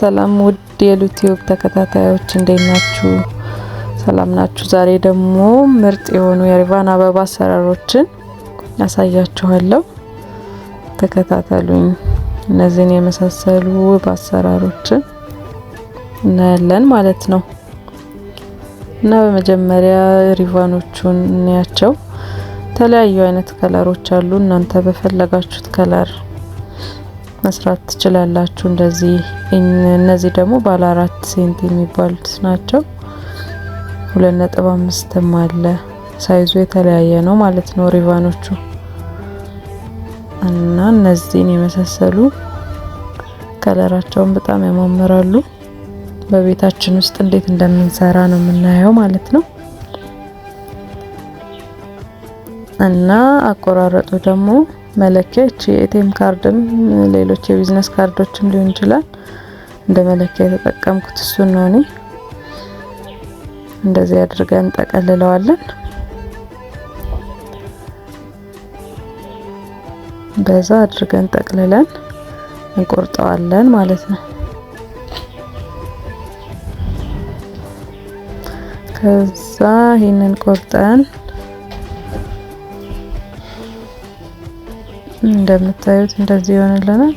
ሰላም ውድ የዩቲዩብ ተከታታዮች እንዴት ናችሁ? ሰላም ናችሁ? ዛሬ ደግሞ ምርጥ የሆኑ የሪቫን አበባ አሰራሮችን ያሳያችኋለሁ። ተከታተሉኝ። እነዚህን የመሳሰሉ ውብ አሰራሮችን እናያለን ማለት ነው እና በመጀመሪያ ሪቫኖቹን እንያቸው። የተለያዩ አይነት ከለሮች አሉ። እናንተ በፈለጋችሁት ከለር መስራት ትችላላችሁ። እንደዚህ እነዚህ ደግሞ ባለ አራት ሴንት የሚባሉት ናቸው። ሁለት ነጥብ አምስትም አለ። ሳይዙ የተለያየ ነው ማለት ነው ሪቫኖቹ እና እነዚህን የመሳሰሉ ከለራቸውን በጣም ያማምራሉ። በቤታችን ውስጥ እንዴት እንደምንሰራ ነው የምናየው ማለት ነው። እና አቆራረጡ ደግሞ መለኪያች የኤቲኤም ካርድም ሌሎች የቢዝነስ ካርዶችም ሊሆን ይችላል። እንደ መለኪያ የተጠቀምኩት እሱን ነው እኔ። እንደዚህ አድርገን ጠቀልለዋለን። በዛ አድርገን ጠቅልለን እንቆርጠዋለን ማለት ነው። ከዛ ይህንን ቆርጠን እንደምታዩት እንደዚህ ይሆንልናል።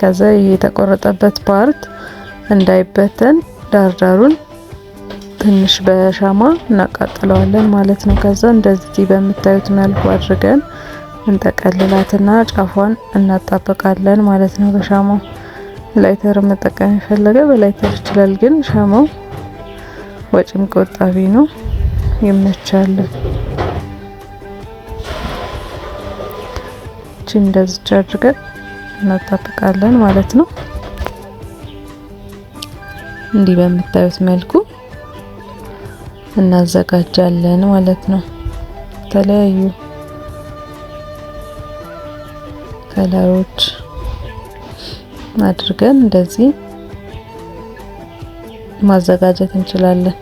ከዛ ይሄ የተቆረጠበት ፓርት እንዳይበተን ዳርዳሩን ትንሽ በሻማ እናቃጥለዋለን ማለት ነው። ከዛ እንደዚህ በምታዩት መልኩ አድርገን እንጠቀልላትና ጫፏን እናጣበቃለን ማለት ነው። በሻማው ላይተር መጠቀም የፈለገ በላይተር ይችላል፣ ግን ሻማው ወጪም ቆጣቢ ነው። ይመቻል። እቺ እንደዚች አድርገን እናጣብቃለን ማለት ነው። እንዲህ በምታዩት መልኩ እናዘጋጃለን ማለት ነው። የተለያዩ ከለሮች አድርገን እንደዚህ ማዘጋጀት እንችላለን።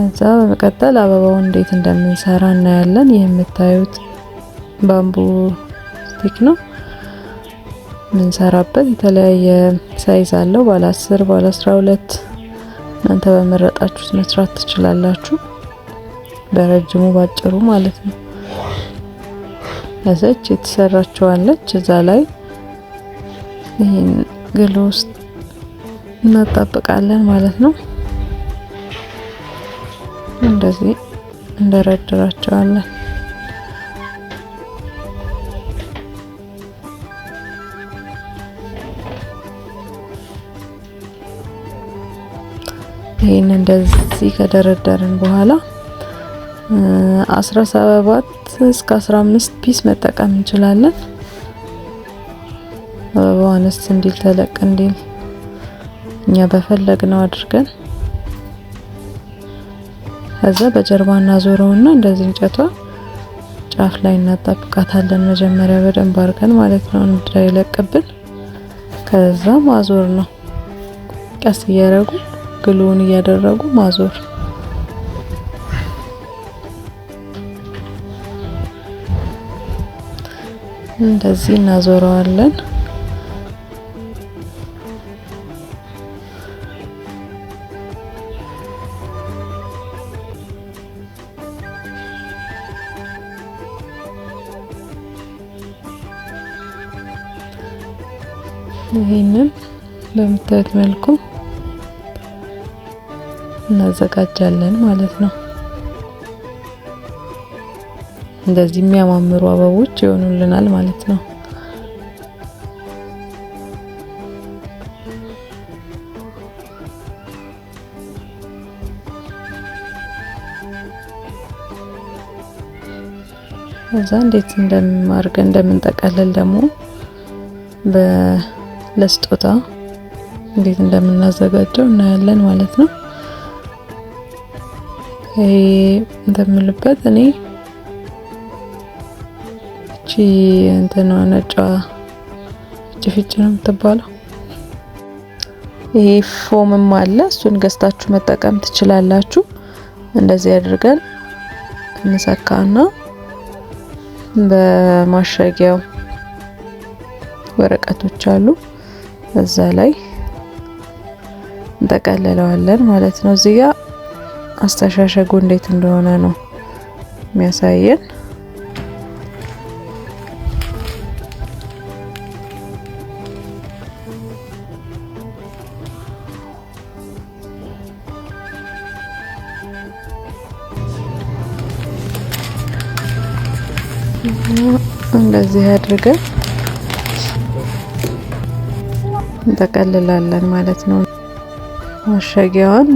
እዛ በመቀጠል አበባው እንዴት እንደምንሰራ እናያለን። ይህ የምታዩት ባምቡ ስቲክ ነው የምንሰራበት። የተለያየ ሳይዝ አለው፣ ባለ 10 ባለ 12 እናንተ በመረጣችሁት መስራት ትችላላችሁ። በረጅሙ ባጭሩ ማለት ነው። ያሰች የተሰራችዋለች እዛ ላይ ይህን ግል ውስጥ እናጣብቃለን ማለት ነው። እንደዚህ እንደረድራቸዋለን። ይህን እንደዚህ ከደረደርን በኋላ 17 እስከ አምስት ፒስ መጠቀም እንችላለን። አበባዋንስ እንዲል ተለቅ እንዲል እኛ በፈለግነው አድርገን ከዛ በጀርባ እናዞረውና እንደዚህ እንጨቷ ጫፍ ላይ እናጣብቃታለን። መጀመሪያ በደንብ አድርገን ማለት ነው እንዳይለቅብን። ከዛ ማዞር ነው። ቀስ እያደረጉ ግሉውን እያደረጉ ማዞር እንደዚህ እናዞረዋለን። ይህንን በምታዩት መልኩ እናዘጋጃለን ማለት ነው። እንደዚህ የሚያማምሩ አበቦች ይሆኑልናል ማለት ነው። እዛ እንዴት እንደማርገ እንደምንጠቀልል ደግሞ ለስጦታ እንዴት እንደምናዘጋጀው እናያለን ማለት ነው። ይሄ እንደምልበት እኔ እቺ እንትና ነጫ እቺ ፍጭ ነው የምትባለው። ይሄ ፎምም አለ፣ እሱን ገዝታችሁ መጠቀም ትችላላችሁ። እንደዚህ አድርገን እንሰካና በማሸጊያው ወረቀቶች አሉ እዛ ላይ እንጠቀልለዋለን ማለት ነው። እዚህ ጋር አስተሻሸጉ እንዴት እንደሆነ ነው የሚያሳየን። እንደዚህ አድርገን እንጠቀልላለን ማለት ነው። ማሸጊያዋን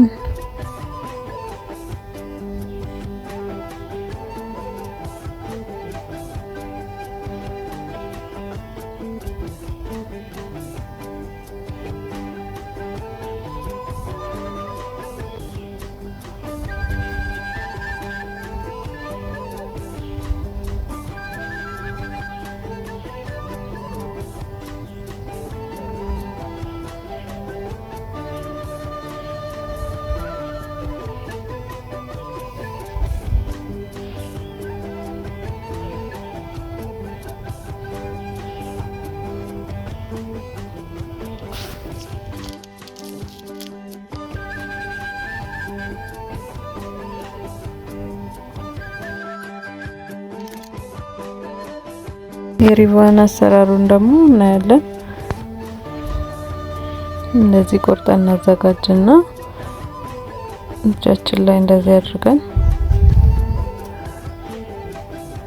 የሪቫን አሰራሩን ደግሞ እናያለን። እንደዚህ ቆርጠን እናዘጋጅና እጃችን ላይ እንደዚህ አድርገን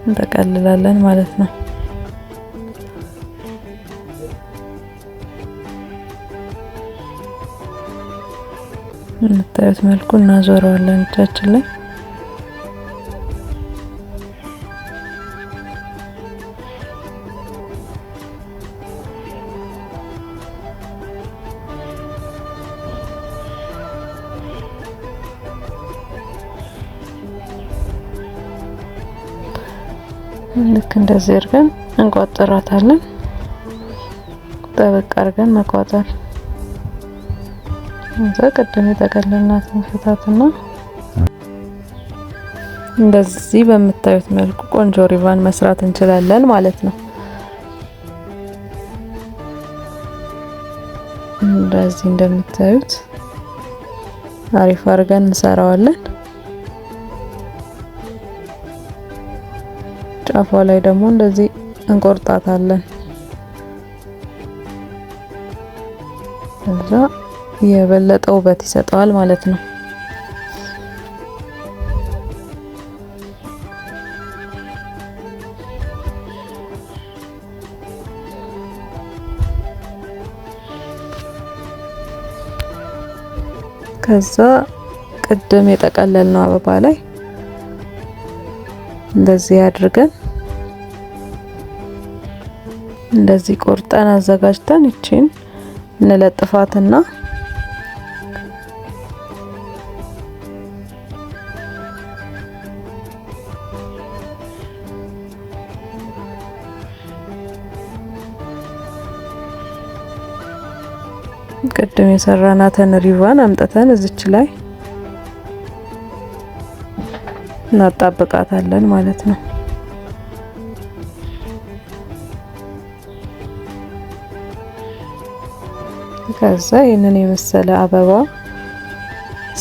እንጠቀልላለን ማለት ነው። የምታዩት መልኩ እናዞረዋለን እጃችን ላይ ልክ እንደዚህ አድርገን እንቋጥራታለን። ጠበቅ አድርገን መቋጠር እንዛ ቀደም የጠቀለልናት ፍታትና እንደዚህ በምታዩት መልኩ ቆንጆ ሪቫን መስራት እንችላለን ማለት ነው። እንደዚህ እንደምታዩት አሪፍ አድርገን እንሰራዋለን። ጫፏ ላይ ደግሞ እንደዚህ እንቆርጣታለን። እዛ የበለጠ ውበት ይሰጠዋል ማለት ነው። ከዛ ቅድም የጠቀለልነው አበባ ላይ እንደዚህ አድርገን እንደዚህ ቆርጠን አዘጋጅተን እቺን እንለጥፋትና ቅድም የሰራናትን ሪቫን አምጥተን እዚች ላይ እናጣብቃታለን ማለት ነው። ከዛ ይህንን የመሰለ አበባ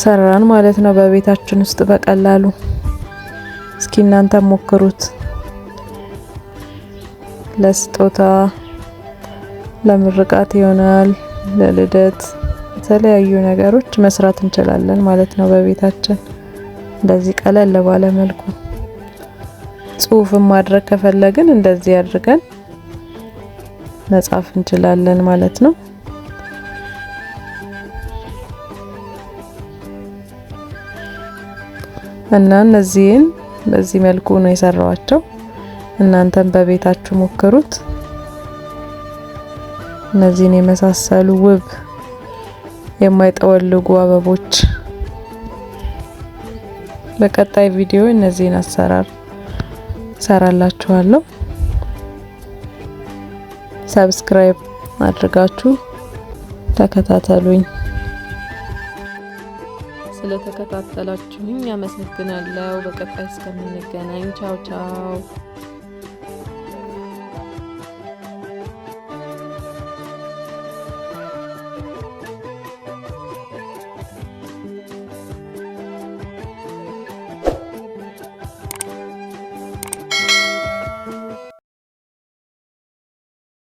ሰራን ማለት ነው በቤታችን ውስጥ በቀላሉ። እስኪ እናንተ ሞክሩት። ለስጦታ፣ ለምርቃት ይሆናል፣ ለልደት፣ የተለያዩ ነገሮች መስራት እንችላለን ማለት ነው በቤታችን እንደዚህ ቀለል ባለ መልኩ። ጽሁፍን ማድረግ ከፈለግን እንደዚህ አድርገን መጻፍ እንችላለን ማለት ነው። እና እነዚህን በዚህ መልኩ ነው የሰራዋቸው። እናንተም በቤታችሁ ሞክሩት። እነዚህን የመሳሰሉ ውብ የማይጠወልጉ አበቦች በቀጣይ ቪዲዮ እነዚህን አሰራር ሰራላችኋለሁ። ሰብስክራይብ አድርጋችሁ ተከታተሉኝ። ስለተከታተላችሁኝ አመሰግናለሁ። በቀጣይ እስከምንገናኝ ቻው ቻው።